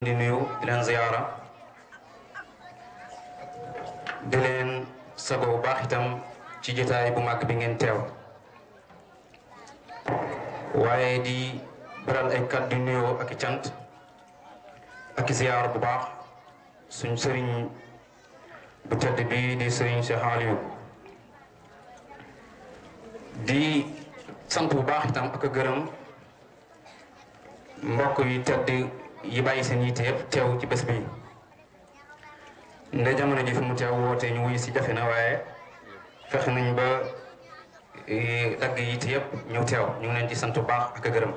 di nuyu di leen ziyaara di leen sago bu baax itam ci jotaay bu mag bi ngeen teew waaye di beral ay kàddu nuyoo ak cant ak i ziyaara bu baax suñ sëriñ bu tedd bi di sëriñ Cheikh Aliou di sant bu baax itam ak gërëm mbokk yi tedd yi bàyyi seen yitte yëpp teew ci bés bi nde jamono ji mu teew woote ñu wuyu si jafe na waaye fexe nañ ba e, dagg yitte yëpp ñëw teew ñu ngi leen ci sant bu baax ak gërëm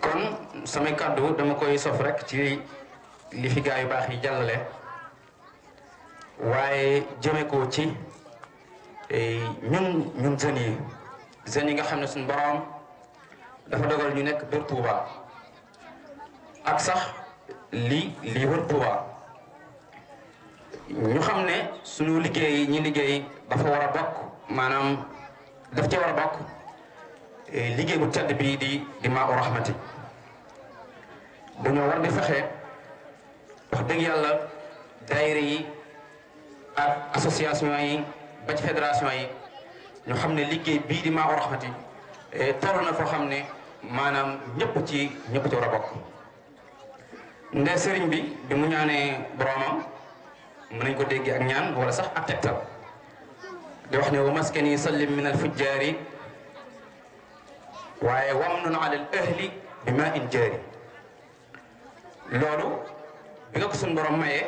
kon samay kàddu dama koy sof rek ci li yu baax yi jàllale waaye jëme ko ci e, ñun ñun jeunes yi jeunes yi nga xam ne suñu borom dafa dogal ñu nekk biir Touba ak sax lii lii wër Tuuba ñu xam ne suñu liggéey ñi liggéey dafa war a bokk maanaam daf ca war a bokk eh, liggéey bu tedd bi di di maa u war di fexe wax dëgg yàlla daayira yi ak association yi ba ci fédération yi ñu xam ne liggéey bii di maa u eh, na foo xam ne maanaam ñëpp ci ñëpp ci war a bokk nde sëriñ bi bi mu ñaanee boromam mën nañ ko déggee ak ñaan wala sax ak tegtal di wax ne wa maskani sallim min alfujjaari waaye wamnun ala al ahli bi ma in jaari loolu bi nga ko suñ borom mayee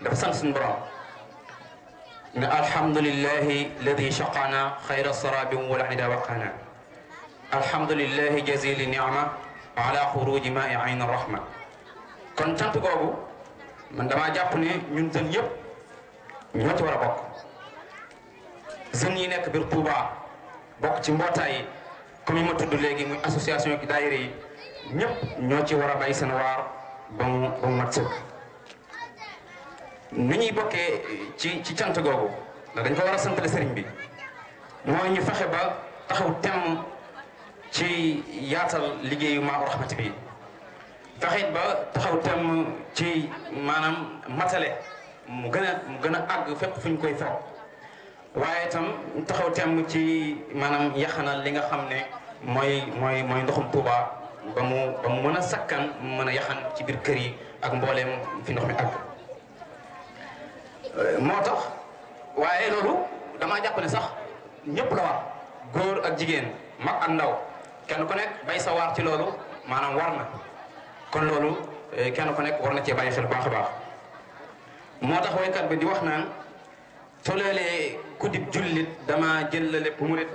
dafa sant suñ borom ne alhamdulillahi ladi shaqana xayra sarabin wala ida waqana alhamdulillahi jazili nicma ala xuruji ma i ayn rahma kon cant googu man damaa jàpp ni ñun jeunes yëpp ñoo ci war a bokk jeunes yi nekk biir Touba bokk ci mbootaay yi comme yi ma tudd léegi muy association gi daayira yi ñëpp ñoo ci war a bay seen waar ba mu mat sëkk ni ñuy bokkee ci ci cant googu ndax dañ ko war a santale sëriñ bi mooy ñu fexe ba taxaw temm ci yaatal liggéeyu Maou Rahmati bi fexet ba taxaw temm ci maanaam matale mu gën a mu gën a àgg fépp fu ñu koy fekk waaye itam taxaw temm ci maanaam yaxanal li nga xam ne mooy mooy mooy ndoxum Tuuba ba mu mën a sakkan mu mën a yaxan ci biir kër yi ak mbooleem fi ndox mi àgg euh, moo tax waaye loolu damaa jàpp ne sax ñëpp la war ak jigéen mag ak ndaw kenn ku nekk bay sa ci loolu maanaam war na kon loolu eh, kenn ku nekk war na cee bàyyi xel baax a moo tax waykat bi di wax naan toloolee kuddib jullit dama jël la lépp murit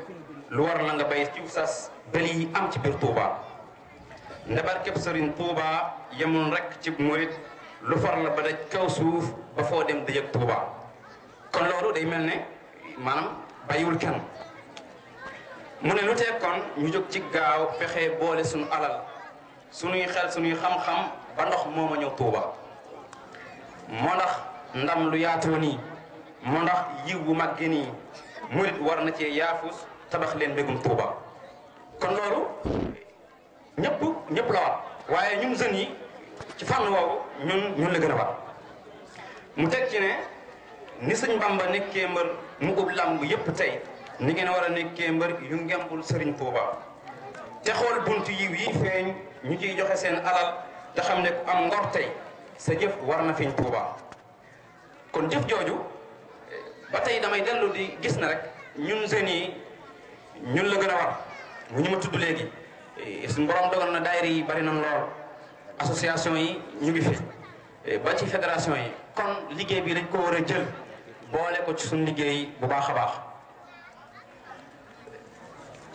lu war la nga bay ciw sas bëli am ci biir Touba ndabar képp sëriñ Touba yemul rek ci murit lu far la ba daj kaw suuf ba foo dem dëjëg Touba kon loolu day mel ne maanaam bàyyiwul kenn mu ne lu tee kon ñu jóg ci gaaw pexe boole sunu alal suñuy xel suñuy xam-xam ba ndox mooma ñëw tuuba moo ndax ndam lu yaatoo nii moo ndax yiw bu mag gi nii murit war na cee yaafus tabax leen mbégum tuuba kon loolu ñëpp ñëpp la war waaye ñun jeunes yi ci fànn woowu ñun ñun la gën a war mu teg ci ne ni sëñ Bamba nekkee mbër mu ub làmb yépp tey ni ngeen war a nekkee mbër yu ngembul sëriñ tuuba te xool buntu yiw yi feeñ ñu ciy joxe seen alal te xam ne ku am ngor tey sa jëf war na fiñ Tuuba kon jëf jooju ba tey damay dellu di gis na rek ñun jeunes yi ñun la gën a war mu ñu ma tudd léegi eh, suñu borom dogal na daayira yi bari na lool association yi ñu ngi fi eh, ba ci fédération yi kon liggéey bi dañ ko war a jël boole ko ci suñ liggéey bu baax a baax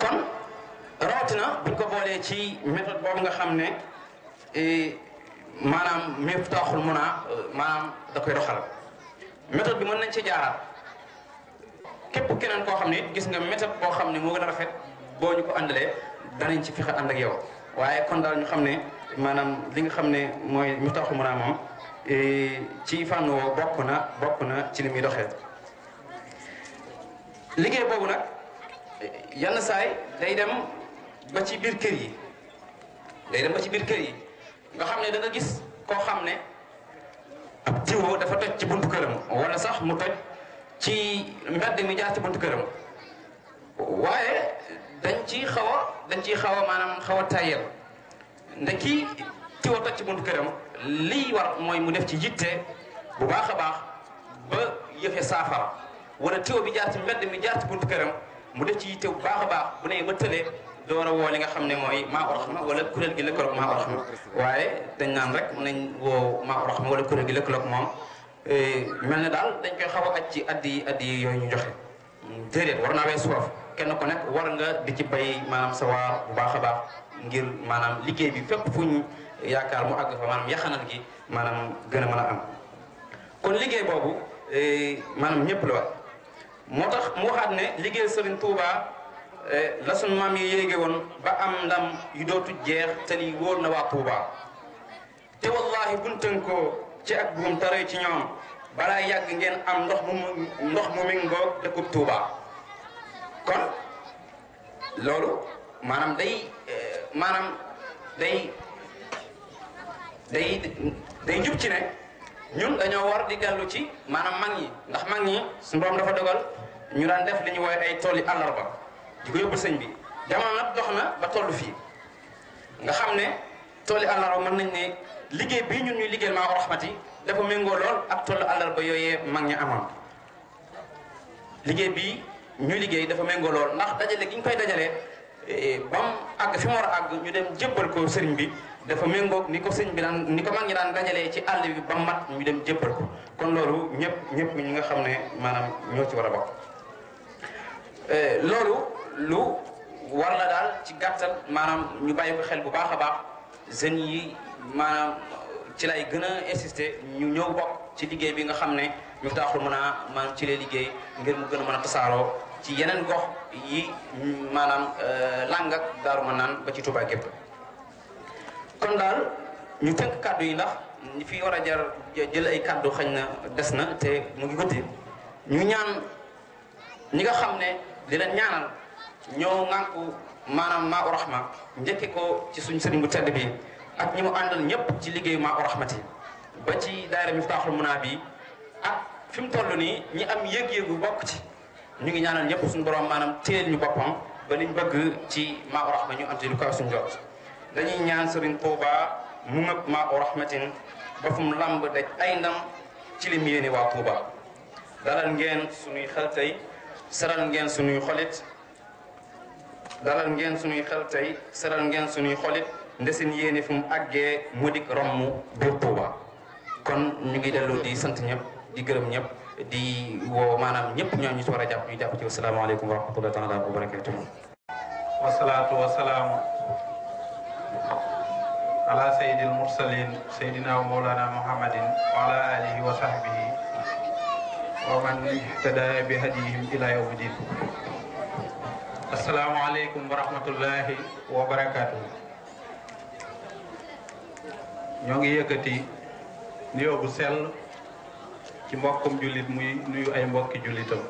kon rawatina buñ ko boolee ci méthode boobu nga xam ne e, maanaam Miftahul Muna e, maanaam da koy doxal méthode bi mën nañ ci jaaraat képp keneen koo xam ne gis nga méthode koo xam ne moo gën a rafet boo ñu ko àndalee danañ ci fexe ànd ak yow waaye kon daal ñu xam ne maanaam li nga xam ne mooy Miftahul Muna moom e, ci fànn woo bokk na bokk na ci li muy doxee liggéey boobu nag yenn saay day dem. ba ci biir kër yi day dem ba ci biir kër yi nga xam ne da gis koo xam ne ab jiwoo dafa toj ci buntu këram wala sax mu toj ci mbedd mi jaar ci këram waaye dañ ci xaw dañ ciy xaw a maanaam xaw a tayel nde kii jiwoo toj ci buntu këram lii war mooy mu def ci yitte bu baax a baax ba yëfe saafara wala tiwo bi jaar ci mbedd mi jaar ci këram mu def ci yitte bu baax a baax bu ne ba door a woo li nga xam ne mooy maa orxma wala kuréel gi lëkkaloog maa orxma waaye dañ naan rek mën nañ woo maa orxma wala kuréel gi lëkkaloog moom e, mel ne daal dañ koy xaw a aj ci addi addi yooyu ñu joxe déedéet war naa weesu foofu kenn ku nekk war nga di ci bay maanaam sa bu baax a baax ngir maanaam liggéey bi fépp fu ñu yaakaar mu àgg fa maanaam yaxanal gi maanaam gën a mën a am kon liggéey boobu e, maanaam ñëpp la moo tax mu waxaat ne liggéey Serigne Touba Eh, la maam yi yéege woon ba am ndam yu dootu jeex te lii wóor na waa Touba te wallahi buñ tënkoo ci ak buum taree ci ñoom balaa yàgg ngeen am ndox mu ndox ngoog méngoog dëkkub Touba kon loolu maanaam day eh, maanaam day day day jub ci ne ñun dañoo war di dellu ci maanaam mag yi ndax mag ñi suñu borom dafa dogal ñu daan def li ñu woowee ay tool yi àllarba di ko yóbbu sëñ bi jamono nag dox na ba toll fii nga xam ne tooli àllarba mën nañ ne liggéey bi ñun ñuy liggéeyal maa raxmati dafa méngoo lool ak tollu àllarba yooyee mag ña amoon liggéey bi ñu liggéey dafa méngoo lool ndax dajale gi ñu koy dajale eh, ba mu àgg fi a àgg ñu dem jëppal ko sëriñ bi dafa méngoog ni ko sëriñ bi daan ni ko mag ñi daan dajalee ci àll bi ba mat ñu dem jébbal ko kon loolu ñëpp ñëpp ñi nga xam ne maanaam ñoo ci war a bokk eh, loolu lu war la daal ci gàttal maanaam ñu bàyyi ko xel bu baax a baax jeunes yi maanaam ci lay gën a insister ñu ñëw bokk ci liggéey bi nga xam ne ñu taaxul mën a maanaam ci lee liggéey ngir mu gën a mën a tasaaroo ci yeneen gox yi maanaam euh, làng ak daaru ma naan ba ci Touba gépp kon daal ñu tënk kàddu yi ndax fi war a jar jël ay kàddu xañ na des na te mu ngi guddi ñu ñaan ñi nga xam ne di leen ñaanal ñoo ŋànk maanaam maa u rahma ko ci suñ sëriñ bu tedd bi ak ñi mu àndal ñëpp ci liggéeyu maa u ba ci daayira Miftaaxul Munaa bi ak fi mu toll nii ñi am yëg-yëgu bokk ci ñu ngi ñaanal ñëpp suñu borom maanaam téel ñu boppam ba liñ bëgg ci maa u rahma ñu am ci lu kaw suñu jot dañuy ñaan sëriñ Tuuba mu ngëpp maa u rahmatin ba fu làmb de ay ndam ci lim yéene waa Tuuba dalal ngeen suñuy xel tey saral ngeen suñuy xolit dalal ngeen suñuy xel tey seral ngeen suñuy xolit ndesin yéene fu mu àggee mu dik romb biir Touba kon ñu ngi delloo di sant ñëpp di gërëm ñëpp di woo maanaam ñëpp ñoo ñu si war a jàpp ñu jàpp ci wasalaamaaleykum wa rahmatullahi taala wa barakatuhu wasalaatu wasalaamu ala sayyidil mursalin sayyidina wa mawlana muhammadin wa ala wa sahbihi wa man ihtada bi hadihim ila yawmi din Assalamualaikum warahmatullahi wabarakatuh. wa barakaatu. ñoo ngi yëkkati nuyoo ya, bu sel ci mbokkum julit muy ya, nuyu ay mbokk julitam.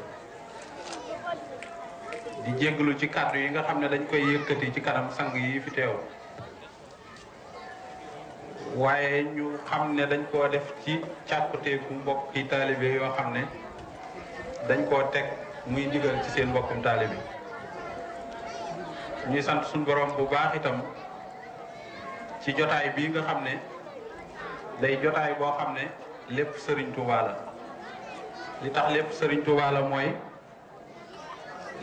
di jéglu ci kàddu yi nga xamné dañ koy yëkkati ci kanam sang yi fi teew waaye ñu xamné dañ ko def ci ku mbokk taalibe talibé yo xamné dañ ko tek muy digal ci seen mbokkum talibé. ñuy sant suñ boroom bu baax itam ci jotaay bii nga xam ne day jotaay boo xam ne lépp sëriñ Touba la li tax lépp sëriñ Touba la mooy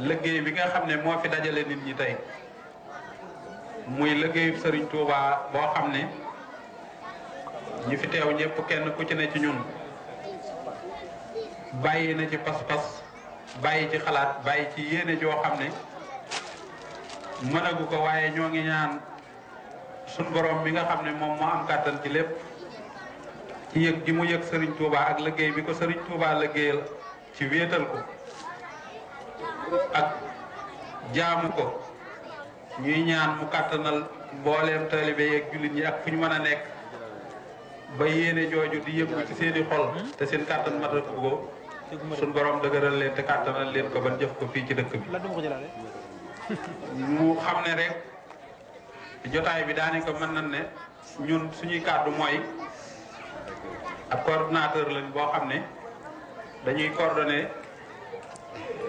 liggéey bi nga xam ne moo fi dajale nit ñi tey muy liggéeyu sëriñ Touba boo xam ne ñi fi teew ñëpp kenn ku ci ci ñun bàyyi na ci pas-pas bàyyi ci xalaat bàyyi ci yéene joo xam ne. mënagu ko waaye ñoo ngi ñaan suñ borom mi nga xam ne moom moo am kàttan ci lépp ci yëg gi mu yëg sëriñ Touba ak liggéey bi ko sëriñ Touba liggéeyal ci wéetal ko ak jaamu ko ñuy ñaan mu kàttanal mbooleem taalibe yeeg jullit ñi ak fu ñu mën a nekk ba yéene jooju di yëngu ci seeni xol te seen kàttan matatu ko suñ borom dëgëral leen te kàttanal leen ko ban jëf ko fii ci dëkk bi mu xam ne rek jotaay bi daanaka mën na ne ñun suñuy kàddu mooy ak cordinateur lañ boo xam ne dañuy coordonné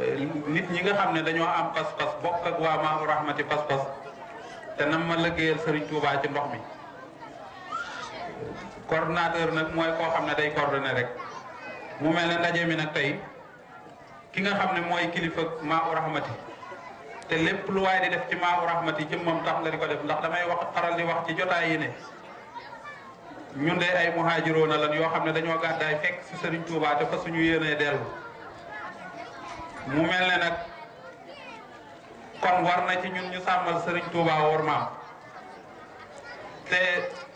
euh, nit ñi nga xam ne dañoo am pas-pas bokk ak waa Maou Rahmati pas-pas te nam ma liggéeyal Serigne Touba ci ndox mi coordonnateur nag mooy koo xam ne day coordonné rek mu mel ne ndaje mi nag tey ki nga xam ne mooy kilifa Maou Rahmati te lépp lu waaye di def ci maamu rahmati jëm moom tax nga di ko def ndax damay wax faral di wax ci jotaay yi ne ñun de ay muhaajiroona lan yoo xam ne dañoo gàddaay fekk si Sëriñ Tuubaa te fa suñu yéenee mu mel ne nag kon war na ci ñun ñu sàmmal Sëriñ Tuubaa war maam te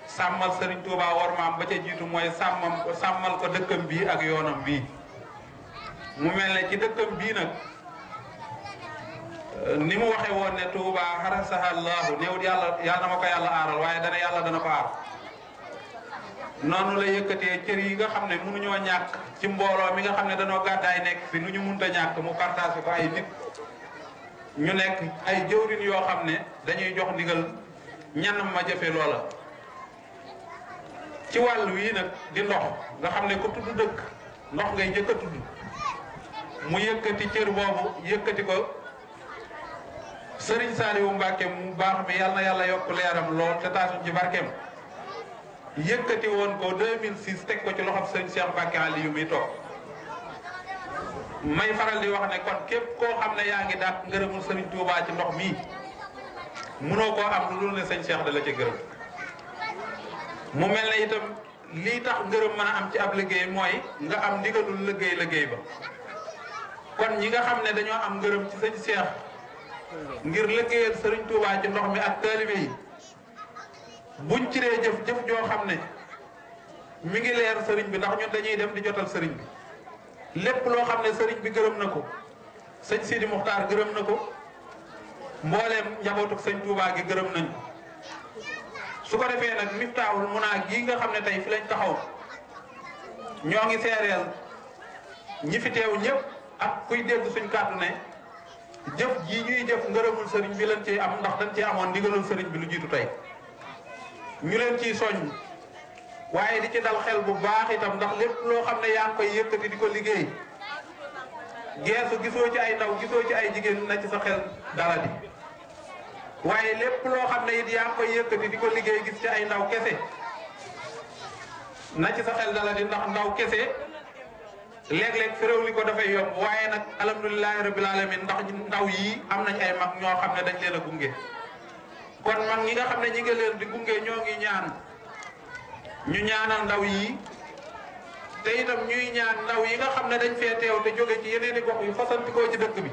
sàmmal Sëriñ Tuubaa war maam ba ca jiitu mooy sàmmal ko dëkkam bii ak yoonam bii mu mel ne ci dëkkam bii nag ni mu waxee woon ne Touba harasaha Allahu néew yàlla yàlla na ma ko yàlla aaral waaye dana yàlla dana ko aar noonu la yëkkatee cër yi nga xam ne mënuñoo ñàkk ci mbooloo mi nga xam ne danoo gàddaay nekk fi nu ñu mënta ñàkk mu partagé ko ay nit ñu nekk ay jëwrin yoo xam ne dañuy jox ndigal ñan ma jëfe loola. ci wàll wii nag di ndox nga xam ne ku tudd dëkk ndox ngay njëkk a tudd mu yëkkati cër boobu yëkkati ko. sëriñ Saliou Mbacke mu baax mi yàlla na yàlla yokk leeram lool te taasuñ ci barkeem yëkkati woon ko 2006 teg ko ci loxoom sëriñ Cheikh Mbacke Aliou mi toog may faral di wax ne kon képp koo xam ne yaa ngi dàq ngërëmul sëriñ Touba ci ndox mii mënoo koo am lu dul ne sëñ Cheikh da la ca gërëm mu mel ne itam lii tax ngërëm mën a am ci ab liggéey mooy nga am ndigalul liggéey liggéey ba kon ñi nga xam ne dañoo am ngërëm ci sëñ Cheikh. ngir liggéeyal Serigne Touba ci ndox mi ak taalibe yi buñ ci dee jëf jëf joo xam ne mi ngi leer Serigne bi ndax ñun dañuy dem di jotal Serigne bi lépp loo xam ne Serigne bi gërëm na ko sëñ Sidi Muxtaar gërëm na ko mbooleem njabootu sëñ Touba gi gërëm nañ ko su ko defee nag Miftaahul Munaa gi nga xam ne tey fi lañ taxaw ñoo ngi seereel ñi fi teew ñëpp ak kuy dégg suñ kàddu ne. jëf jii ñuy jëf ngërëmul sëriñ bi lañ ci am ndax dañ ci amoon ndigalul sëriñ bi lu jiitu tey ñu leen ciy soññ waaye di ci dal xel bu baax itam ndax lépp loo xam ne yaa ngi koy yëkkati di ko liggéey geesu gisoo ci ay ndaw gisoo ci ay jigéen na ci sa xel dara di waaye lépp loo xam ne it yaa ngi koy yëkkati di ko liggéey gis ci ay ndaw kese na ci sa xel dara di ndax ndaw kese léeg-léeg féréw li ko dafay yomb waaye nag alhamdulilahi rabil alamin ndax ndaw yi am nañ ay mag ñoo xam ne dañ leen a gunge kon mag ñi nga xam ne ñi nga leen di gunge ñoo ngi ñaan ñu ñaanal ndaw yi te itam ñuy ñaan ndaw yi nga xam ne dañ fee teew te jóge ci yeneen i gox yu fasantikoo ci dëkk bi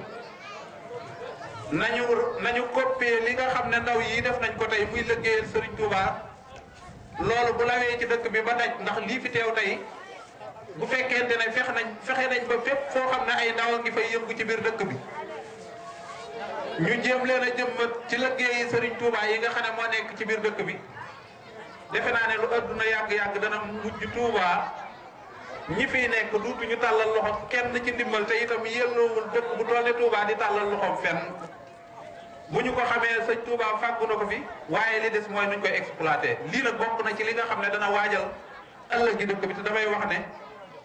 nañu nañu coppee li nga xam ne ndaw yi def nañ ko tey muy liggéeyal Serigne Touba loolu bu lawee ci dëkk bi ba daj ndax lii fi teew tey bu fekkente ne fex nañ fexe nañ ba fépp foo xam ne ay ndaw ngi fay yëngu ci biir dëkk bi ñu jéem leen a jëmbat ci liggéeyi Serigne Touba yi nga xam ne moo nekk ci biir dëkk bi defe naa ne lu adduna yàgg-yàgg dana mujj Touba ñi fi nekk duutu ñu tàllal loxo kenn ci ndimbal te itam yelloowul dëkk bu toll ne Touba di tàllal loxoom fenn bu ñu ko xamee sëñ Touba fàggu na ko fi waaye li des mooy nuñ koy exploité lii nag bokk na ci li nga xam ne dana waajal ëllëg gi damay wax ne.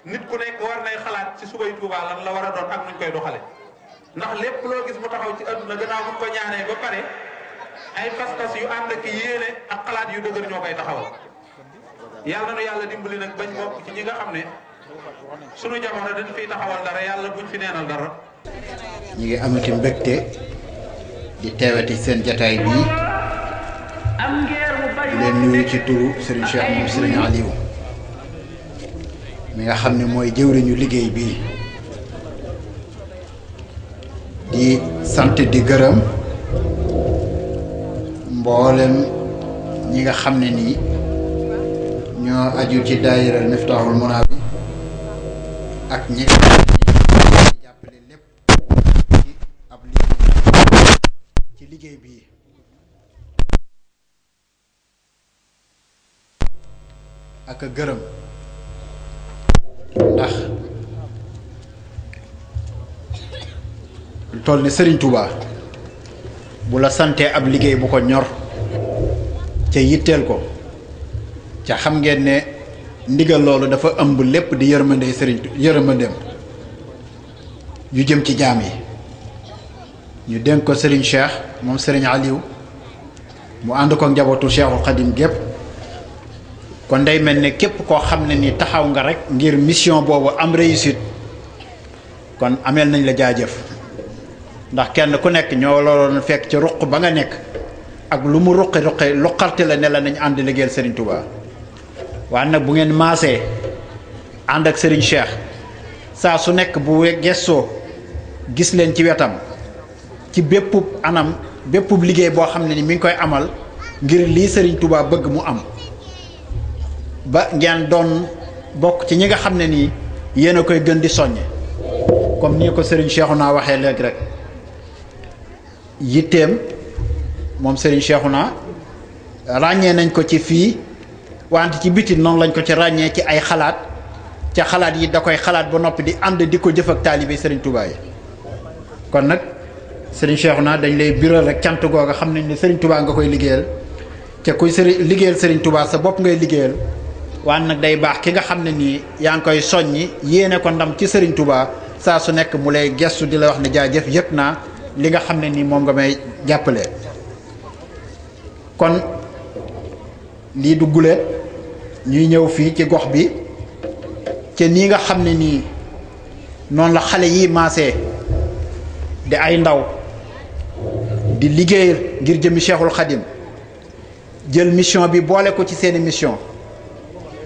nit ku nekk war nay xalaat ci subay Touba lan la war a doon ak nuñ koy doxale ndax lépp loo gis mu taxaw ci àdduna gannaaw buñ ko ñaanee ba pare ay pas-pas yu ànd ak yéene ak xalaat yu dëgër ñoo koy taxawal. yàlla nu yàlla dimbali nag bañ bokk ci ñi nga xam ne sunu jamono dañ fiy taxawal dara yàlla buñ fi neenal dara. ñu ngi amati mbégte di teewati seen jataay bii. am ngeen leen nuyu ci turu Serigne Cheikh moom Serigne mi nga xam ne mooy jëwriñu liggéey bii di sant di gërëm mboolem ñi nga xam ne nii ñoo aju ci daayira Miftaahul Muna bi ak ñi nga xam ne jàppale lépp ci liggéey ci bii ak gërëm ndax toll ni Serigne Touba bu la santee ab liggéey bu ko ñor ca yitteel ko ca xam ngeen ne ndigal loolu dafa ëmb lépp di yërmande Serigne yërmandeem yu jëm ci jaam ñu dénk ko Serigne Cheikh moom Serigne Aliou mu ànd ko njabootu Cheikhul Khadim gépp kon day mel ni képp koo xam ne ni taxaw nga rek ngir mission boobu am réussite kon ameel nañ la jaajëf ndax kenn ku nekk ñoo looloon fekk ci ruq ba nga nekk ak lu mu ruqi ruqi luqarte la ne la nañ ànd liggéeyal Serigne Touba waaye nag bu ngeen maase ànd ak Serigne Cheikh saa su nekk bu gestoo gis leen ci wetam ci bépp anam bépp liggéey boo xam ne ni mi ngi koy amal ngir lii sëriñ tubaa bëgg mu am. ba ngeen doon bokk ci ñi nga xam ne nii yéen a koy gën di soññe comme nii ko Serigne naa waxee léegi rek yitteem moom sëriñ Serigne naa ràññee nañ ko ci fii wante ci biti noonu lañ ko ci ràññee ci ay xalaat ca xalaat yi da koy xalaat ba noppi di ànd di ko jëf ak taalibe Serigne Touba yi kon nag Serigne naa dañ lay biral rek cant googa xam nañ ne Serigne Touba nga koy liggéeyal te kuy sëri liggéeyal sëriñ tubaa sa bopp ngay liggéeyal. waan nag day baax ki nga xam ne nii yaa ngi koy soññi yéene ko ndam ci Serigne Touba saa su nekk mu lay gestu di la wax ni ne jëf yëpp naa li nga xam ne nii moom nga may jàppale kon lii du guléet ñuy ñëw fii ci gox bi te nii nga xam ne nii noonu la xale yi maase di ay ndaw di liggéey ngir jëmi Cheikhul Khadim jël mission bi boole ko ci seeni mission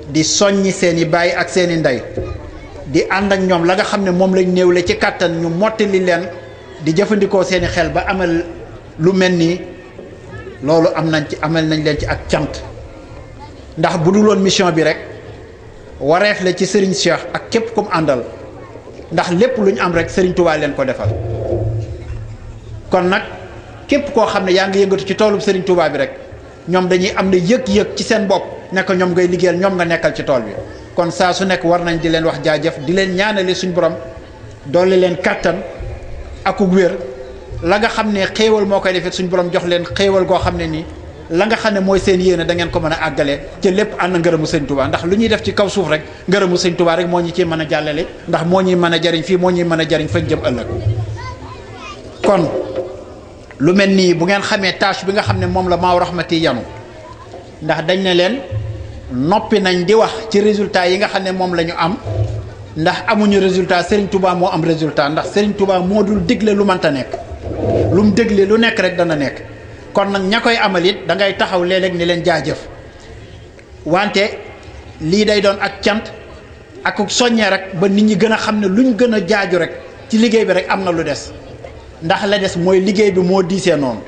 di soññi seen i baay ak seen i ndey di ànd ak ñoom la nga xam ne moom lañ néewle ci kàttan ñu mottali leen di jëfandikoo seen i xel ba amal lu mel nii loolu am nañ ci amal nañ leen ci ak cant ndax bu dul woon mission bi rek wareef la ci Serigne Cheikh ak képp kum àndal ndax lépp lu ñu am rek Serigne Touba leen ko defal kon nag képp koo xam ne yaa ngi yëngatu ci toolub Serigne Touba bi rek ñoom dañuy am na yëg-yëg ci seen bopp. nekk ñoom ngay liggéeyal ñoom nga nekkal ci tool bi kon saa su nekk war nañ di leen wax jaajaf di leen ñaanale suñu borom dolli leen kàttan akug wér la nga xam ne xéewal moo koy defee suñu borom jox leen xéewal goo xam ne nii la nga xam ne mooy seen yéene da ngeen ko mën a àggale ci lépp ànd ngërëmu sëñ Tuubaa ndax lu ñuy def ci kaw suuf rek ngërëmu sëñ Tuubaa rek moo ñu ci mën a jàllale ndax moo ñuy mën a jariñ fii moo ñuy mën a jariñ fañ jëm ëllëg lu mel nii bu ngeen xamee tâche bi nga xam ne moom la Maou Rahmati yanu ndax dañ ne leen noppi nañ di wax ci résultat yi nga xam ne moom lañu am ndax amuñu résultat sëriñ Touba moo am résultat ndax Serigne Touba moo dul digle lu mënta nekk lu mu digle lu nekk rek dana nekk kon nag ña koy amal it da ngay taxaw léeg-léeg ni leen jaajëf wante lii day doon ak cant ak soññee rek ba nit ñi gën a xam ne lu luñ gën a jaaju rek ci liggéey bi rek am na lu des ndax la des mooy liggéey bi moo diisee noonu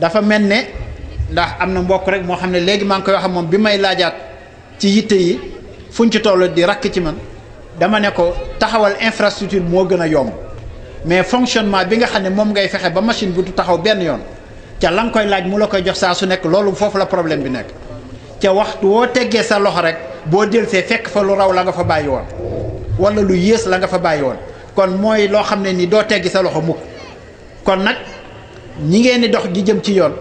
dafa mel ne ndax am na mbokk rek moo xam ne léegi maa ngi koy wax moom bi may laajaat ci yitte yi fuñ ci toll di rakk ci man dama ne ko taxawal infrastructure moo gën a yomb mais fonctionnement bi nga xam ne moom ngay fexe ba machine bu du taxaw benn yoon ca la koy laaj mu la koy jox saa su nekk loolu foofu la problème bi nekk ca waxtu woo teggee sa loxo rek boo delsee fekk fa lu raw la nga fa bàyyi woon wala lu yées la nga fa bàyyi woon kon mooy loo xam ne ni doo teggi sa loxo mukk kon nag ñi ngeen di dox di jëm ci yoon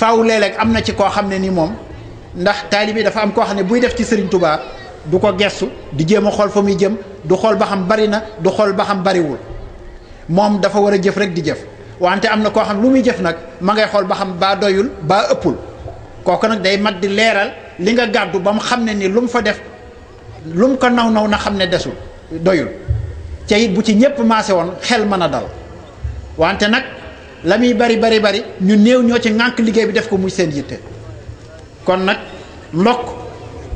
faaw léeg-léeg am na ci koo xam ne ni moom ndax taalibi dafa am koo xam ne buy def ci Serigne Touba du ko gestu di jéem a xool fa muy jëm du xool ba xam bari na du xool ba xam bariwul moom dafa war a jëf rek di jëf wante am na koo xam lu muy jëf nag ma ngay xool ba xam baa doyul baa ëppul kooku nag day mat di leeral li nga gàddu ba mu xam ne ni lu mu fa def lu mu ko naw naw na xam ne desul doyul te it bu ci ñépp maase woon xel mën a dal wante nag la muy bari bari bari ñu néew ñoo ci ŋànk liggéey bi def ko muy seen yitte kon nag ndokk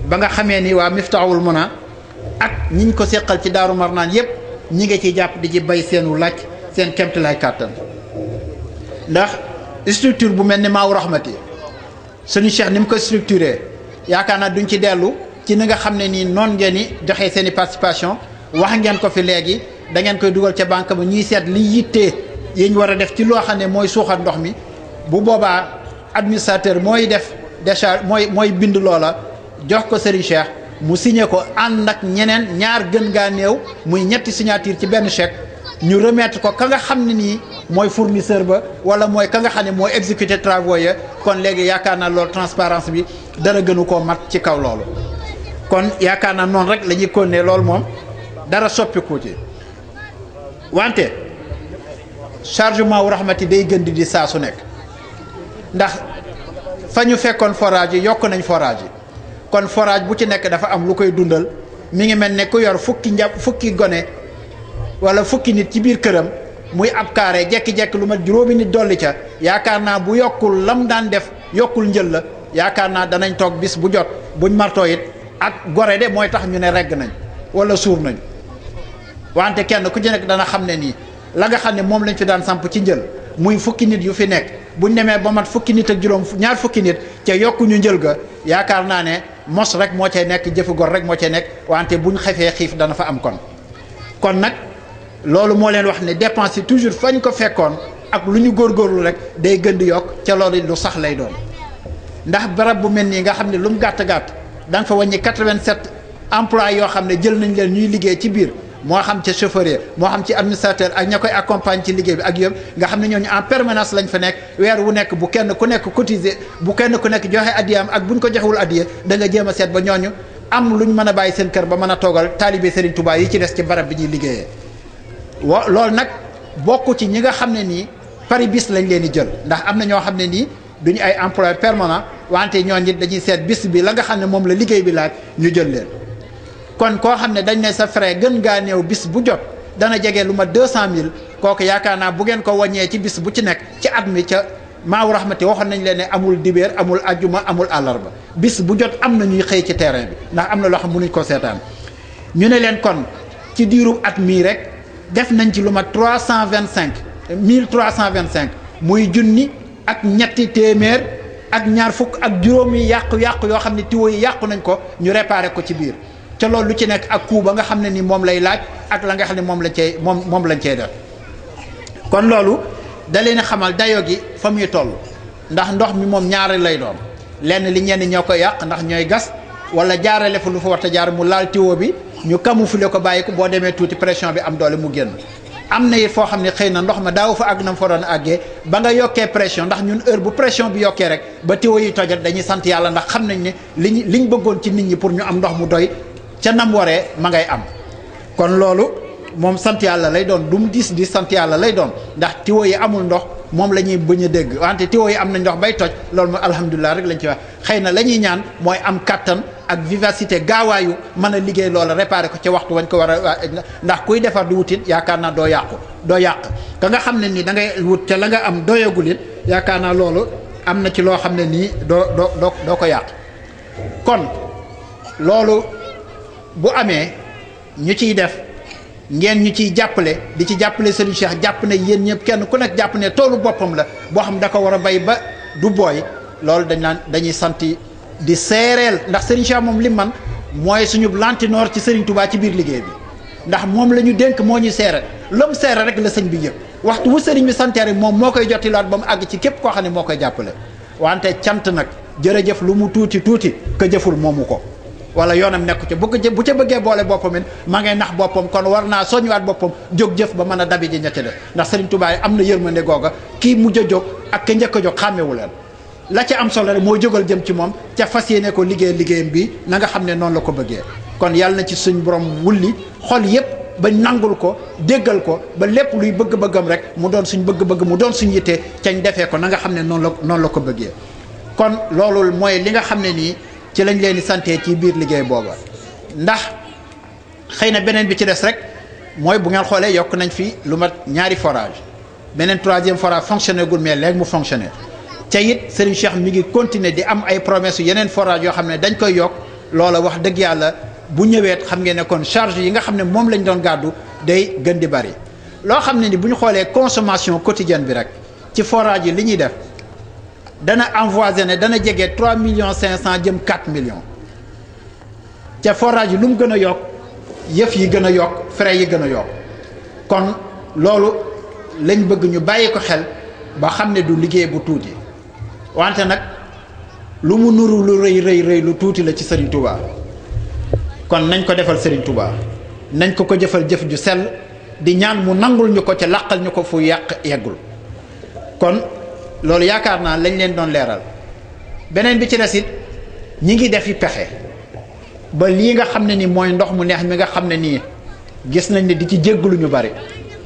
ba nga xamee ni waa Miftaahul Muna ak ñiñ ko seqal ci Daaru Marnaan yépp ñi nga ciy jàpp di ci bay seenu laaj seen kemt lay kàttan ndax structure bu mel ni Maawu Rahmati suñu cheikh ni mu ko structuré yaakaar naa duñ ci dellu ci ni nga xam ne nii noon ngeen di joxe seen i participation wax ngeen ko fi léegi dangeen ngeen koy dugal ca banque ba ñuy seet li yittee yi ñu war a def ci loo xam ne mooy suuxat ndox mi bu boobaa administrateur mooy def décharge mooy mooy bind loola jox ko Serigne Cheikh mu signé ko ànd ak ñeneen ñaar gën gaa néew muy ñetti signature ci benn chèque ñu remettre ko ka nga xam ne nii mooy fournisseur ba wala mooy ka nga xam ne mooy exécuter travaux ya kon léegi yaakaar na loolu transparence bi dara gënu koo mat ci kaw loolu kon yaakaar na noonu rek la kon ne loolu moom dara soppiku ci wante chargement wu raxmati day gën di di saa su nekk ndax fa ñu fekkoon forage yi yokk nañ forage yi kon forage bu ci nekk dafa am lu koy dundal mi ngi mel ne ku yor fukki njab fukki gone wala fukki nit ci biir këram muy ab kaare jekki-jekki lu mat juróomi nit dolli ca yaakaar naa bu yokkul lam daan def yokkul njël la yaakaar naa danañ toog bis bu jot buñ martoo ak gore de mooy tax ñu ne regg nañ wala suur nañ wante kenn ku ci nekk dana xam ne nii la nga xam ne moom lañ fi daan samp ci njël muy fukki nit yu fi nekk buñ demee ba mat fukki nit ak juróom ñaar fukki nit ca yokkuñu njël ga yaakaar naa ne mos rek moo cay nekk jëfu gor rek moo cay nekk wante bu ñu xefee xiif dana fa am kon kon nag loolu moo leen wax ne dépense yi toujours fañ ko fekkoon ak lu ñu góorgóorlu rek day gën di yokk ca loolu lu sax lay doon ndax barab bu mel nii nga xam ne lu mu gàtt gàtt da nga fa wàññi 87 emploi yoo xam ne jël nañ leen ñuy liggéey ci biir mo xam ci chauffeur ya moo xam ci administrateur ak ñakoy accompagne ci liguey bi ak yëpp nga xam ne ñoo ñu en permanence lañ fa nek wër wu nek bu kenn ku nek cotiser bu kenn ku nek joxe adiyam ak buñ ko joxewul adiy da nga jema set ba ñoo ñu am luñ mëna bay seen kër ba mëna togal talibé Serigne Touba yi ci dess ci barab bi ñi liguey wa loolu nag bokk ci ñi nga xam ne ni pari bis lañ leen di jël ndax am na ñoo xam ne ni duñ ay employé permanent wante ñoo it dañuy set bis bi la nga xam ne moom la liguey bi laaj ñu jël leen kon koo xam ne dañ ne sa frais gën gaa néew bis bu jot dana jege lu ma deux cent mille kooku yaakaar naa bu ngeen ko wàññee ci bis bu ci nekk ci at mi ca maaw rahmati waxoon nañ leen ne amul dibéer amul ajjuma amul àllarba bis bu jot am na ñuy xëy ci terrain bi ndax am na loo xam mënuñ ko seetaan ñu ne leen kon ci diiru at mii rek def nañ ci lu ma trois cent muy junni ak ñetti téeméer ak ñaar fukk ak juroomi yàq yàq yoo xam ne tiwo yi yàqu nañ ko ñu réparé ko ci biir ca loolu lu ci nekk ak coût ba nga xam ne ni moom lay laaj ak la nga xam ne moom la cee moom moom lañ cee def kon loolu da leen xamal dayo gi fa muy toll ndax ndox mi moom ñaari lay doom lenn li ñenn ñoo ko yàq ndax ñooy gas wala jaarale fu lu fa war a jaar mu laal tiwo bi ñu camoufler ko bàyyi ko boo demee tuuti pression bi am doole mu génn am na it foo xam ne xëy na ndox ma daawu fa àgg na mu fa doon àggee ba nga yokkee pression ndax ñun heure bu pression bi yokkee rek ba tiwo yi dañuy sant yàlla ndax xam nañ ne liñ liñ bëggoon ci nit ñi pour ñu am ndox mu doy ca nam waree ma ngay am kon loolu moom sant yàlla lay doon du mu diis di sant yàlla lay doon ndax tiwo yi amul ndox moom la ñuy bañ a dégg wante tiwo yi am na ndox bay toj loolu mooy alhamdulilah rek lañ ci wax xëy na la ñuy ñaan mooy am kattan ak vivacité gaawaayu mën a liggéey loola réparé ko ca waxtu wañ ko war a ndax kuy defar di wutit yaakaar naa doo yàqu doo yàq ka nga xam ne nii dangay ngay wut ca la nga am doyagul it yaakaar naa loolu am na ci loo xam ne nii doo doo doo ko yàq kon loolu bu amee ñu ciy def ngeen ñu ciy jàppale di ci jàppale Serigne Cheikh jàpp ne yéen ñëpp kenn ku nekk jàpp ne toolu boppam la boo xam da ko war a bay ba du booy loolu dañ naan dañuy sant di seereel ndax Serigne Cheikh moom li man mooy suñu lantinoor ci Serigne Touba ci biir liggéey bi ndax moom la ñu dénk moo ñuy seere lom seere rek la sëñ bi yëg waxtu wu sëriñ bi santeere moom moo koy jottilaat ba mu àgg ci képp koo xam ne moo koy jàppale wante cant nag jërëjëf lu mu tuuti tuuti ka jëful moomu ko wala yoonam nekku ca bu ko bu ca bëggee boole boppam it ma ngay nax boppam kon war naa soññiwaat boppam jóg jëf ba mën a dabi ji ña ca def ndax Serigne Touba am na yërmande googa kii mujj a jóg ak ka njëkk a jóg xàmmewu la ca am solo rek moo jógal jëm ci moom ca fas yéene ko liggéey liggéeyam bi nanga xam ne noon la ko bëggee kon yàlla na ci suñ borom wulli xol yépp ba nangul ko déggal ko ba lépp luy bëgg-bëggam rek mu doon suñ bëgg-bëgg mu doon suñ yitte cañ defee ko na xam ne noonu la noonu la ko bëggee kon loolu mooy li nga xam ne nii ci lañ leen di santé ci biir liggéey booba ndax xëy na beneen bi ci des rek mooy bu ngeen xoolee yokk nañ fi lu mat ñaari forage beneen troisième forage fonctionné gul mais léegi mu fonctionné ca it Serigne Cheikh mi ngi continuer di am ay promesse yeneen forage yoo xam ne dañ koy yokk loola wax dëgg yàlla bu ñëweet xam ngeen ne kon charge yi nga xam ne moom lañ doon gàddu day gën di bari loo xam ne ni bu ñu xoolee consommation quotidienne bi rek ci forage yi li ñuy def dana ne dana jege trois millions cinq cent jëm quatre millions ca forage yi lu mu gën a yokk yëf yi gën a yokk frais yi gën a yokk kon loolu lañ bëgg ñu bàyyi ko xel ba xam ne du liggéey bu tuuti wante nag lu mu nuru lu rëy rëy rëy lu tuuti la ci Serigne Touba kon nañ ko defal Serigne Touba nañ ko ko jëfal jëf ju sell di ñaan mu nangul ñu ko ca làqal ñu ko fu yàq yeggul kon loolu yaakaar naa lañ leen doon leeral beneen bi ci des it ñi ngi def yi pexe ba lii nga xam ne ni mooy ndox mu neex mi nga xam ne nii gis nañ ne di ci jégglu ñu bari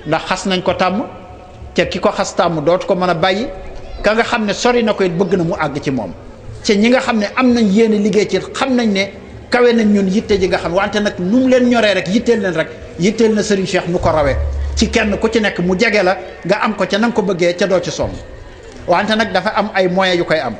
ndax xas nañ ko tàmm te ki ko xas tàmm dootu ko mën a bàyyi ka nga xam ne sori na ko it bëgg na mu àgg ci moom te ñi nga xam ne am nañ yéen liggéey ci xam nañ ne kawe nañ ñun yitte ji nga xam wante nag nu mu leen ñoree rek yitteel leen rek yitteel na Serigne Cheikh nu ko rawee ci kenn ku ci nekk mu jege la nga am ko ca na ko bëggee ca doo ci sonn wante nag dafa am ay moyens yu koy am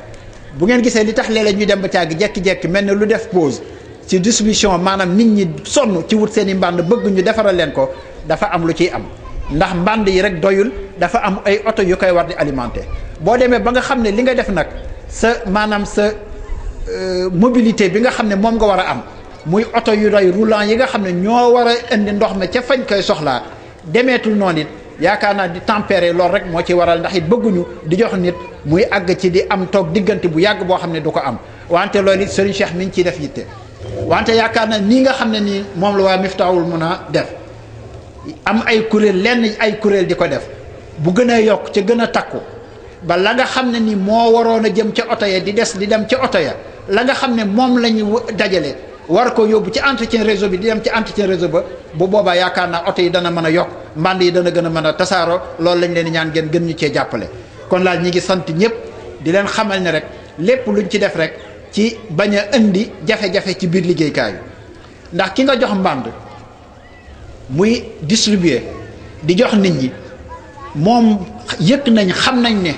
bu ngeen gisee li tax léeg-léeg ñu dem ba càgg jekki-jekki mel ne lu def pause ci distribution maanaam nit ñi sonn ci wut seen i mbànd bëgg ñu defaral leen ko dafa am lu ciy am ndax mbànd yi rek doyul dafa am ay oto yu koy war di alimenter boo demee ba nga xam ne li nga def nag sa maanaam sa euh, mobilité bi nga xam ne moom nga war a am muy oto yu doy roulant yi nga xam ne ñoo war a indi ndox ma ca fañ koy soxlaa demeetul noonu it yaakaar naa di tempérer loolu rek moo ci waral ndax yi bëgguñu di jox nit muy àgg ci di am toog diggante bu yàgg boo xam ne du ko am wante loolu it Serigne Cheikh mi ciy def yitte wante yaakaar naa nii nga xam ne nii moom la waa Miftaahul mun a def am ay kuréel lenn ay kuréel di ko def bu gën a yokk ca gën a takku ba la nga xam ne ni moo waroon a jëm ca oto ya di des di dem ca oto ya la nga xam ne moom la ñu dajale war ko yóbbu ci entretien réseau bi di dem ca entretien réseau ba bu boobaa yaakaar naa oto yi dana mën a yokk mbànd yi dana gën a mën a tasaaroo loolu lañu leen di ñaan ngeen gën ñu cee jàppale kon laal ñi ngi sant ñëpp di leen xamal ne rek lépp luñ ci def rek ci bañ a indi jafe-jafe ci biir liggéeykaay ndax ki nga jox mbànd muy distribuer di jox nit ñi moom yëkk nañ xam nañ ne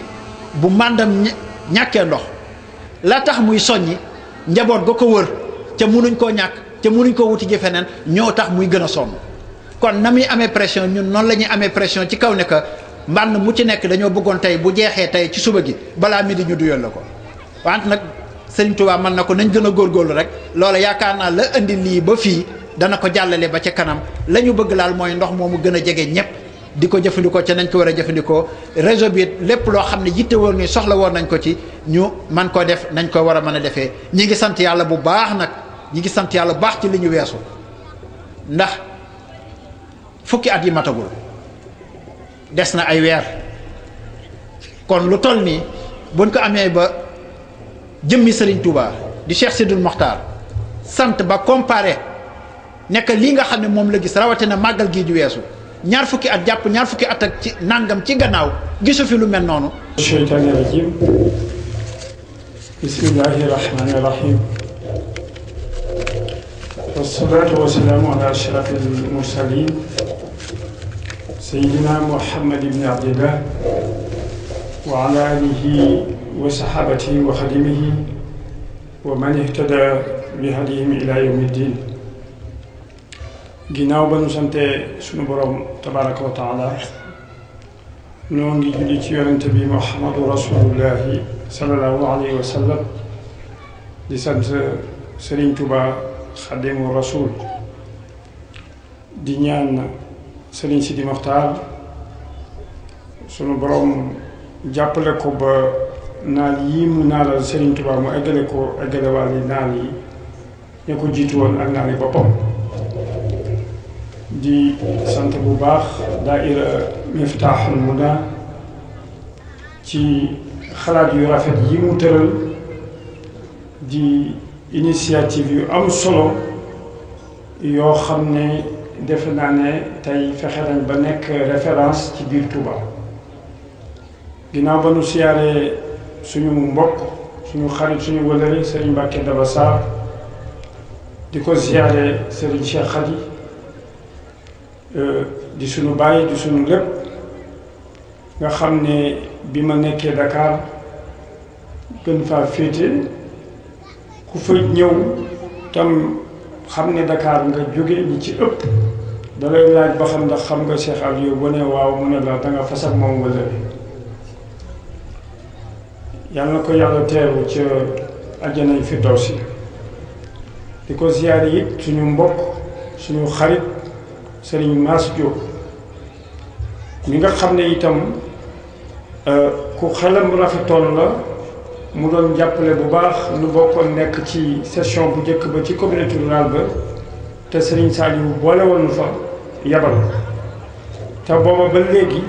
bu mbàndam ñàkkee ndox la tax muy soññi njaboot ga ko wër ca munuñ koo ñàkk ca munuñ koo wuti ji feneen ñoo tax muy gën a sonn kon na muy amee pression ñun noonu la ñuy amee pression ci kaw ne que mbànn mu ci nekk dañoo bëggoon tey bu jeexee tey ci suba gi balaa di ñu duyal la ko wante nag Sëriñ Tuubaa mën na ko nañ gën a góorgóorlu rek loola yaakaar naa la indi lii ba fii dana ko jàllale ba ca kanam la ñu bëgg laal mooy ndox moomu gën a jege ñëpp di ko jëfandikoo ca nañ ko war a jëfandikoo réseau bi lépp loo xam ne yitte woon ni soxla woon nañ ko ci ñu man koo def nañ ko war a mën a defee ñi sant yàlla bu baax nag ñi ngi sant yàlla bu baax ci li ñu weesu fukki at yi matagul des na ay weer kon lu toll nii buñ ko amee ba jëmmi Serigne Touba di Cheikh Sidul Mokhtar sant ba compare nekk lii nga xam ne moom la gis na màggal gi ju weesu ñaar fukki at jàpp ñaar fukki at ak ci nangam ci gannaaw gisu fi lu mel noonu. cheytaani rajim bismillahi سيدنا محمد بن عبد الله وعلى آله وصحابته وخدمه ومن اهتدى بهديهم إلى يوم الدين جناو بنو سنت سنبرم تبارك وتعالى نوني جلتي ينتبي محمد رسول الله صلى الله عليه وسلم لسنت سرين توبا خدم الرسول دينيان سيرين سيدي مختار سونو بروم جابلي كو با نال يي مو نال سيرين توبا مو اغالي كو اغالي والي نال يي نيكو جيتو وون اك نال بوبو دي سانت بو باخ دائره مفتاح المدى تي خلاط يو رافيت يي مو تيرل دي انيشياتيف يو ام سولو يو خامني defe naa ne tey fexe nañ ba nekk référence ci biir Touba ginnaaw ba nu siyaaree suñu mbokk suñu xarit suñu wëlëri Serigne Mbacke Daba Sarr di ko siyaaree Serigne Cheikh euh, di suñu bàyyi di suñu lépp nga xam ne bi ma nekkee Dakar gën faa féete ku fa ñëw tam xam ne dakaar nga jóge ñi ci ëpp da lay laaj ba xam ndax xam nga Cheikh Aliou bu waaw mu ne la danga fas ak moom wala yàlla na ko yàlla teeru ca àjjanay fi daw ko ziyaar yi suñu mbokk suñu xarit sëriñ Mass Diop mi nga xam ne itam euh, ku xelam rafetoon la mu doon jàppale bu baax lu bokkoon nekk ci session bu njëkk ba ci communauté rurale ba te sëriñ Saliou boole woon fa yabal te booba ba léegi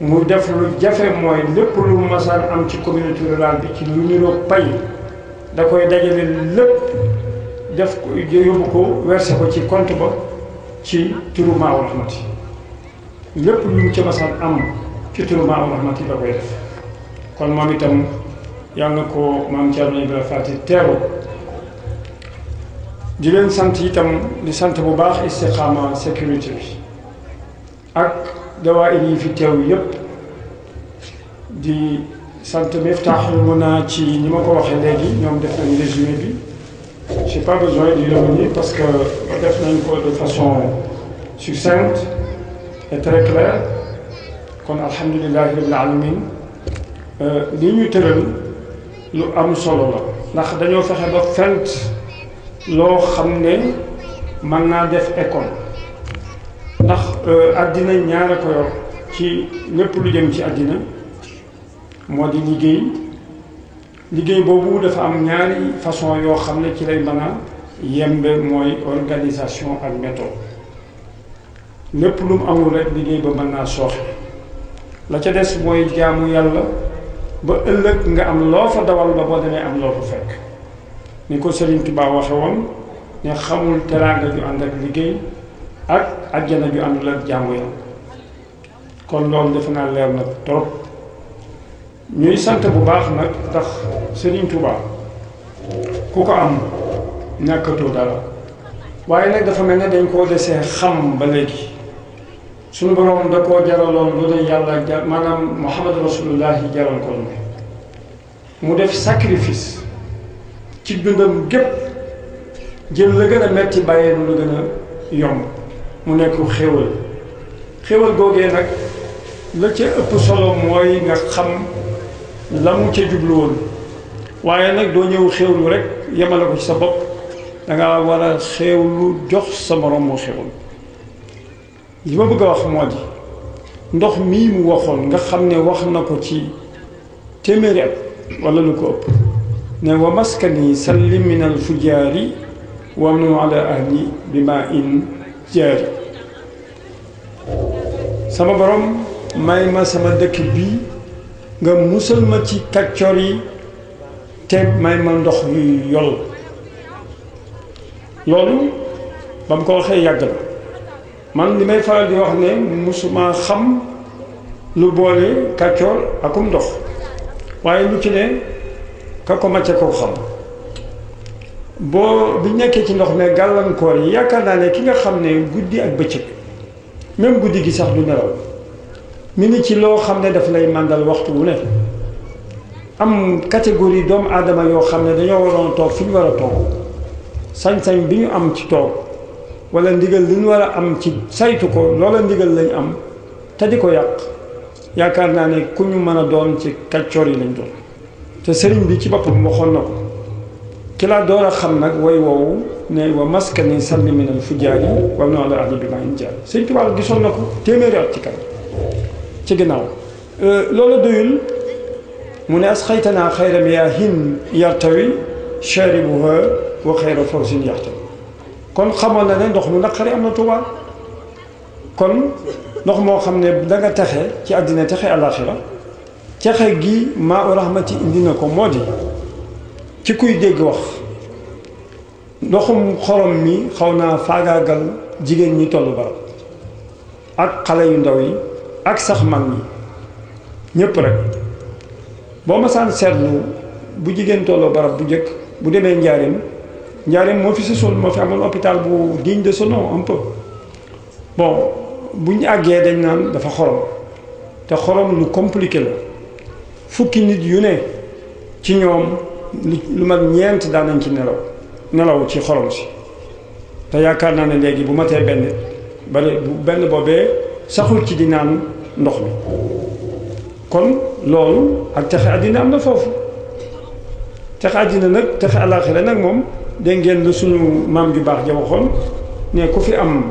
mu def lu jafe mooy lépp lu masaan am ci communauté rurale bi ci lu niroog pay da koy dajale lépp def ko yóbbu ko verser ko ci compte ba ci turu Maou Rahmati lépp lu mu ci masaan am ci turu Maou Rahmati da koy def kon moom itam yàlla na ko maam Thierno Ibrahima Fati teeru dilen leen sant itam di sant bu baax istiqama sécurité bi ak dawaayir yi fi teew yépp di sant Miftahoul Mouna ci ni ma ko waxee léegi ñoom def nañ résumé bi j'ai pas besoin d'y revenir parce que def nañ ko de façon succincte et très claire kon alhamdulilahi rabbil alamin euh, li ñu tëral lu am solo la ndax dañoo fexe ba fent loo xam ne mën naa def école ndax euh, àddina ñaara ko yor ci lépp lu jëm ci àddina moo di liggéey liggéey boobu dafa am ñaari façon yoo xam ne ci lay mën a yembe mooy organisation ak méthode lépp lu mu amul rek liggéey ba mën naa sooxe la ca des mooy jaamu yàlla ba ëllëg nga am loo fa dawal ba boo demee am loo fekk ni ko Serigne Touba waxe won ne xamul teranga ju ànd ak liggéey ak aljana ju àndul ak jaamu yàlla kon lool defe naa leer na torop ñuy sante bu baax nak tax Serigne Touba ku ko am ñàkkatoo dara waaye nag dafa mel ne dañ koo desee xam ba léegi suñu borom da koo jaraloon lu ne yàlla ja maanaam Muhammad Rasulullahi jaral ko mu def sacrifice. ci dundam gep jël la gëna metti baye lu la gëna yom mu nekk xéwal xéwal gogé nak la ci ëpp solo moy nga xam la ci ca jublu woon waaye nag doo ñëw xéwlu rek yemale ko ci sa bopp danga war a xéwlu jox sa morom mo xewul li ma bëgg wax moo ndox mi mu waxon nga xamne wax nako ci téméré wala lu ko ëpp ومسكني سلم من الفجار ومن على أهلي بماء جار سما بروم ماي ما سما دك بي غا موسل ما تي كاتشوري تيب ماي ما ندخ يول لولو بام كو وخي ياغلا مان لي ماي فال دي وخ ني موسما خم لو بولي كاتشور اكوم دخ واي لو تي ني ka ko macce ko xam boo bi nekkee ci ndox mi gàllankoor yi yaakaar naa ne ki nga xam ne guddi ak bëccëg même guddi gi sax du nelaw mu ni ci loo xam ne daf lay màndal waxtu wu ne am catégorie doomu aadama yoo xam ne dañoo waroon toog fi ñu war a toog sañ-sañ bi ñu am ci toog wala ndigal li war a am ci saytu ko loola ndigal lañ am te di ko yàq yaakaar naa ne ku ñu mën a doon ci kàccoor yi lañ doon te sëriñ bi ci boppam waxoon na ko ci door a xam nag way woowu ne wa maskani salli minal fujjaari wal na la ahli bi ma ngi jaar sëriñ Tuubaa gisoon na ko téeméeri at ci kan ci ginnaaw euh, loolu doyul mu ne as xaytanaa xayra miyaahin yartawi charibuha wa xayra fawsin yaxtawi kon xamoon na ne ndox mu naqari am na Tuubaa kon ndox moo xam ne danga texe ci àddina texe àllaaxira cexe gi maa u raxmati indi na ko moo di ci kuy dégg wax ndoxum xorom mi xaw naa faagaagal jigéen ñi tollu barab ak xale yu ndaw yi ak sax mag ñi ñépp rek boo masaan seetlu bu jigéen tolloo barab bu njëkk bu demee njaarim njaarim moo fi sësoon moo fi amoon hôpital bu digne de son nom un peu bu ñu àggee dañ naan dafa xorom te xorom lu compliqué la fukki nit yu ne ci ñoom lu mat ñeent daanañ ci nelaw nelaw ci xolom si te yaakaar naa ne léegi bu matee benn bari bu benn boobee saxul ci di naan ndox mi kon loolu ak texe àddina am na foofu texe àddina nag texe àllaaxira nag moom dégg ngeen lu suñu maam ju baax ja waxoon ne ku fi am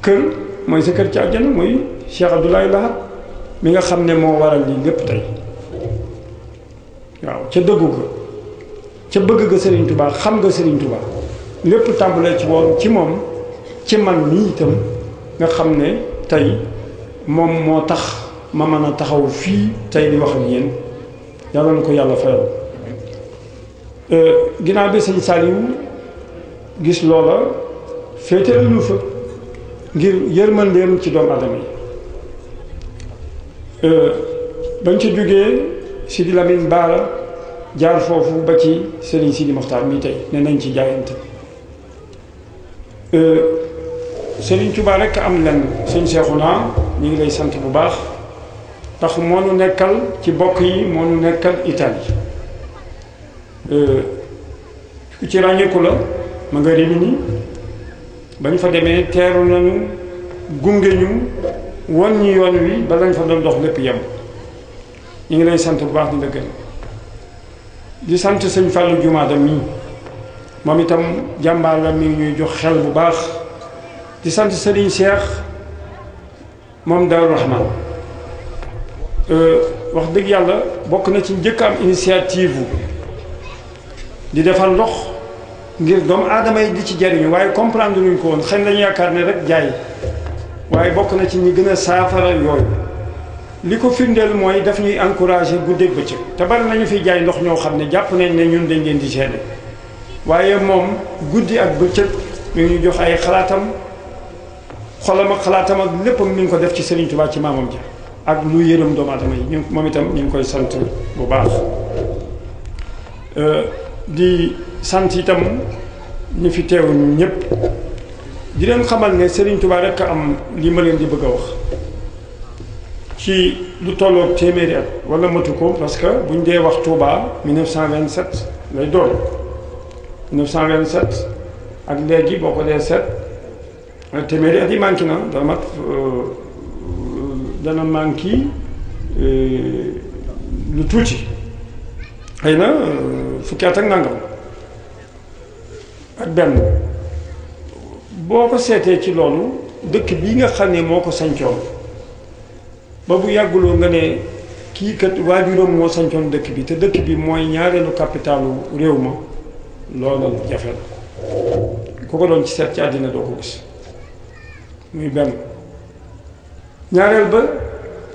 kër mooy sa kër ci àjjana mooy Cheikh Abdoulaye Lahad mi nga xam ne moo waral lii lépp tey ca dëggu ga ca bëgg ga Serigne Touba xam nga Serigne Touba lépp tàmbalee ci woon ci moom ci man mii itam nga xam ne tey moom moo tax ma mën a taxaw fii tey di wax ak yéen yàlla na ko yàlla fayal euh, ginnaaw bi sëñ Saliou gis loola féeteel lu fa ngir yërmandeem ci doon aadama yi euh, bañ ca jógee Sidi Lamine Bara jaar foofu ba ci Serigne Sidi Moxtaar mi tey ne nañ ci jaayante euh, Serigne Touba rek am lenn sëñ naa ñu ngi lay sant bu baax ndax moo nu nekkal ci bokk yi moo nu nekkal Italie euh, ku ci ràññeeku la ma ni Rimini ba ñu fa demee teeru nañu gunge ñu won ñu yoon wi ba lañ fa doon dox lépp yem ñu ngi lay sant bu baax di la gën di sant sëñ Fallou Jumaada mi moom itam jàmbaar la mi ngi ñuy jox xel bu baax di sant sëriñ Cheikh moom Darou Rahman euh, wax dëgg yàlla bokk na ci njëkk am initiative di defar ndox ngir doomu aadama yi di ci jariñu waaye comprendre ñu ko woon xëy na yaakaar ne rek jaay waaye bokk na ci ñi gën a saafara yooyu li ko firndeel mooy daf ñuy encouragé guddeeg bëccëg te bari nañu fi jaay ndox ñoo xam ne jàpp nañ ne ñun dañ leen di gêné waaye moom guddi ak bëccëg mu ngi ñu jox ay xalaatam xolam ak xalaatam ak léppam mi ngi ko def ci Serigne tubaat ci maamam ja ak lu yërëm doomu aadama yi ñu moom itam ñu ngi koy sant bu baax euh, di sant itam ñu fi teew ñëpp di leen xamal ne Serigne Touba rek am lii ma leen di bëgg a wax. ci lu tolloog téeméeri at wala matu ko parce que buñ dee wax Touba 1927 lay doon 1927 ak léegi boo ko dee seet téeméeri at yi manqué na dana mat euh, dana euh, lu tuuti xëy na euh, fukki at ak nangam ak benn boo ko seetee ci loolu dëkk bi nga xam ne moo ko sañcoon ba bu yàgguloo nga ne kii kat waajuram moo sancoon dëkk bi te dëkk bi mooy ñaareelu capitalu réew ma loolu jafe la ku ko doon ci seet ci àddina doo ko gis muy benn ñaareel ba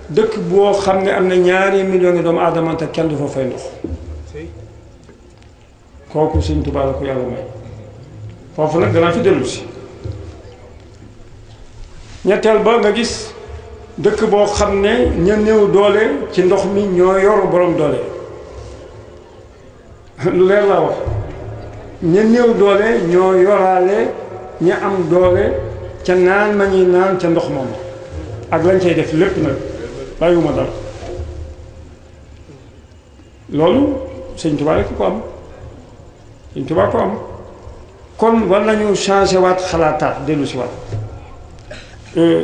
dëkk boo xam ne am na ñaari million doomu aadama kenn du fa fay ndox kooku Sëñ Tuubaa la ko yàlla may foofu nag danaa fi dellu si ñetteel ba nga gis dëkk boo xam ne ña néew doole ci ndox mi ñoo yor boroom doole lu leer laa wax ña néew doole ñoo yoraale ña am doole ca naan ma naan ca ndox moom ak lañ cay def lépp nag bàyyiwuma dara loolu sëñ Tuubaa rekk ko am sëñ Tuubaa ko am kon war nañu changé waat xalaataat dellu si waat euh,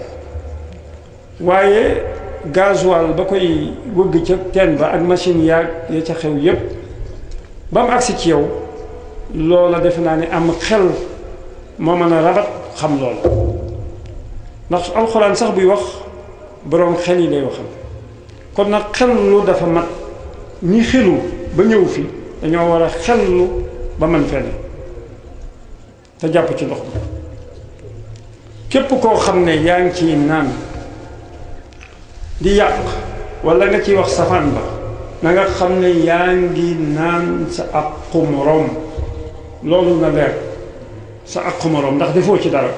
waye gasoil bakoy wëgg ci ten ba ak machine ya ya ci xew yépp bam ak ci yow loola def na ni am xel mo meuna rabat xam lool ndax alquran sax bu wax borom xel yi lay waxal kon nak xel lu dafa mat ñi xelu ba ñëw fi dañu wara xel lu ba man fenn ta jàpp ci dox mi képp ko xamne ne ci nan di yàq walla nga ciy wax safaan ba na xam ne yaa ngi naan sa aqu moroom loolu na leer sa aqu moroom ndax defoo ci dara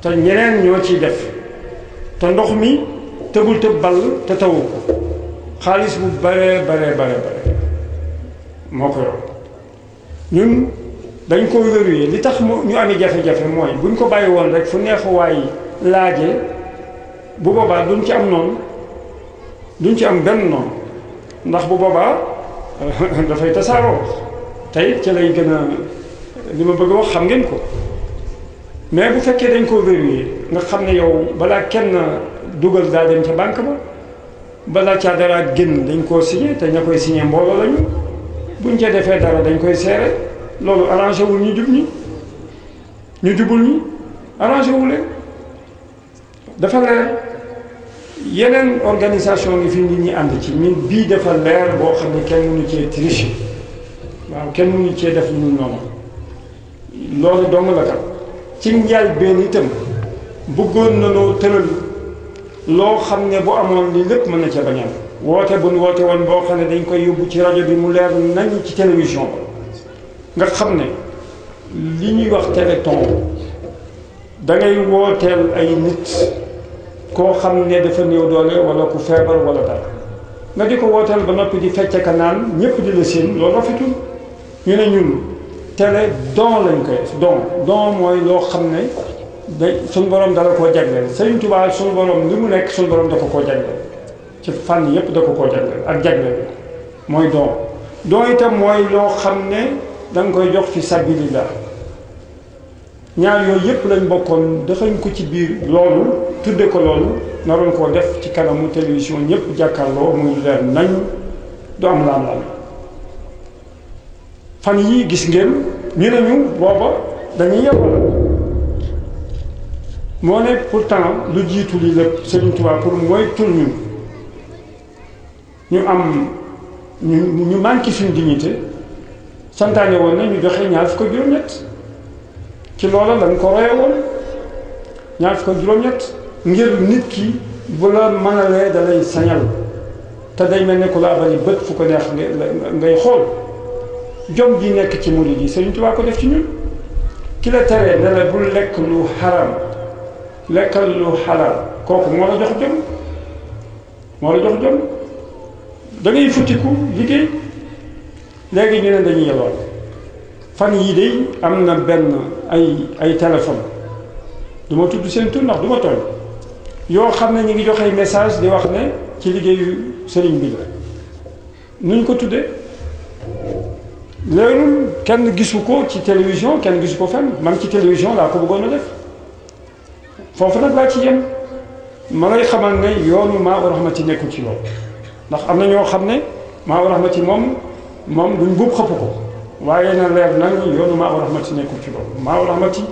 te ñeneen ñoo ci def te ndox mi tëbul tëb ball te tawu ko xaalis bu bare bare bare moo ko yor ñun dañ ko wéruye li tax ñu amee jafe-jafe mooy buñ ko bàyyi woon rek fu neexuwaay waay laaje bu boobaa duñ ci am noonu duñ ci am benn noonu ndax bu boobaa euh, dafay tasaaroo tey ci lay gën a li ma bëgg wax xam ngeen ko mais bu fekkee dañ koo vérifier nga xam ne yow balaa kenn dugal daa dem ca banque ba balaa caa dara génn dañ koo signé te ña koy signé mbooloo lañu buñ ca defee dara dañ koy seere loolu arrangé wul ñu jub ñi ñu jubul ñi arrangé dafa leer yeneen organisation ngi fi nit ñi ànd ci ñun bii dafa leer boo xam ne kenn mënu cee triche waaw kenn mënu cee def lu noonu loolu dong la tam ci njaal benn itam bëggoon nanoo tëral loo xam ne bu amoon li lépp mën na ca bañam woote bu nu woote woon boo xam ne dañ koy yóbbu ci rajo bi mu leer nañ ci télévision nga xam ne li ñuy wax téléthon da ngay wooteel ay nit koo xam ne dafa néew doole wala ku feebar wala dara nga di ko wooteel ba noppi di fecc ka naan ñëpp di la séen loolu rafetul ñu ne ñun télé don lañ koy don don mooy loo xam ne day suñ borom dala koo jagleel Sëriñ Tuubaa suñ borom li mu nekk suñ borom da koo jagleel ci fànn yëpp da koo jagleel ak jagleel mooy don don itam xam ne da koy jox fi sabilillah ñaar yooyu yëpp lañ bokkoon dëxañ ko ci biir loolu tudde ko loolu naroon koo def ci kanamu télévision ñëpp jàkkaarloo muy leer nañ du am laam laam fan yii gis ngeen ñu ne ñu booba dañuy yebal moo ne pourtant lu jiitu lii lépp Serigne Touba pour mooy tul ñu am ñu ñu manqué suñu dignité santaane woon na ñu joxe ñaar ko juróom-ñett ci loola lañ ko roye woon ñaar fukk ak juróom-ñett ngir nit ki bu la mënalee da lay sañal te dañ mel ne ku laa bari bët fu ko neex ngay xool jom ji nekk ci murid yi Sëriñ Tuubaa ko def ci ñun ki la teree ne bul lekk lu xaram lekkal lu xalaal kooku moo la jox jom moo la jox jom da ngay liggéey léegi ñu ne dañuy yalwaal fan yii de am na benn ay ay téléphone du ma tudd seen tur ndax du ma yoo xam ne ñu ngi joxe message di wax ne ci liggéeyu sëriñ bi la nuñ ko tuddee loolu kenn gisu ko ci télévision kenn gisu ko fenn man ci télévision laa ko bëggoon def foofu nag laa ci yem ma lay xamal ne yoonu maa u raxmati nekkul ci loolu ndax am na ñoo xam ne maa u raxmati moom moom duñ buub xëpp ko waaye na leer nag yoonu Maawu Rahmati nekkul ci loolu Maawu Rahmati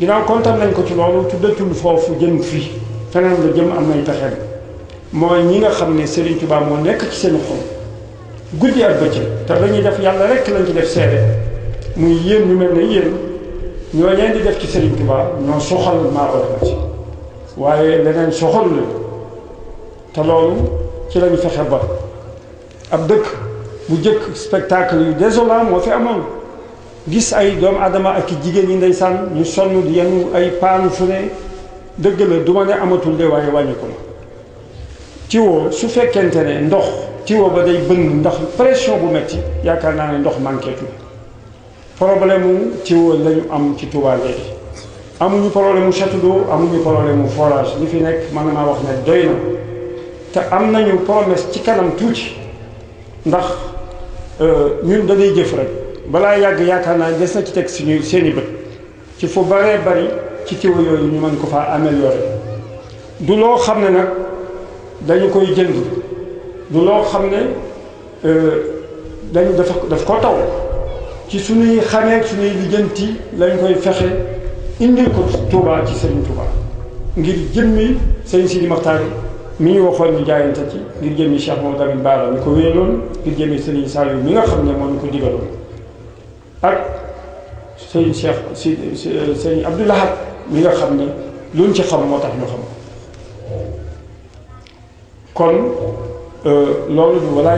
ginnaaw kontaan nañ ko ci loolu tuddatul foofu jëm fii feneen la jëm am nay pexeem mooy ñi nga xam ne Serigne Touba moo nekk ci seen xol guddi ak bëccëg te dañuy def yàlla rek lañ ci def seede muy yéen ñu mel ne yéen ñoo leen di def ci Serigne Touba ñoo soxal Maawu Rahmati waaye leneen soxal la te loolu ci lañ fexe ba ab dëkk. bu jëkk spectacle yu désolant moo fi amoon gis ay doomu adama ak i jigéen ñi sànn ñu sonn di yenu ay paanu fu ne dëgg la du ma ne amatul de waaye wàññi ko tiwo su fekkente ne ndox tiwo ba day bënn ndax pression bu metti yaakaar naa ne ndox manqué problème mu tiwo la am ci Touba léegi amuñu problème mu château amuñu problème mu forage li fi nekk mën naa wax ne doy na te am nañu promesse ci kanam tuuti ndax Euh, ñun dañuy jëf rek balaa yàgg yaakaar naa des na ci teg suñu seen bët ci fu bare bari ci tiwa yooyu ñu mën ko faa améliorer du loo xam ne nag dañu koy jënd du loo xam ne euh, dañu dafa daf ko taw ci suñuy xamee suñuy lijjanti lañ koy fexe indil ko Touba ci Serigne Touba ngir jëmmi Serigne Sidi Maxtaar mi ñu waxoon ñu jaayante ci ngir jëmi Cheikh Mamadou Lamine Bara mi ko wéyaloon ngir jëmi Serigne Saliou mi nga xam ne moo ñu ko digaloon ak sëñ Cheikh si sëñ Abdou Lahad mi nga xam ne luñ ci xam moo tax ñu xam kon euh, loolu du wala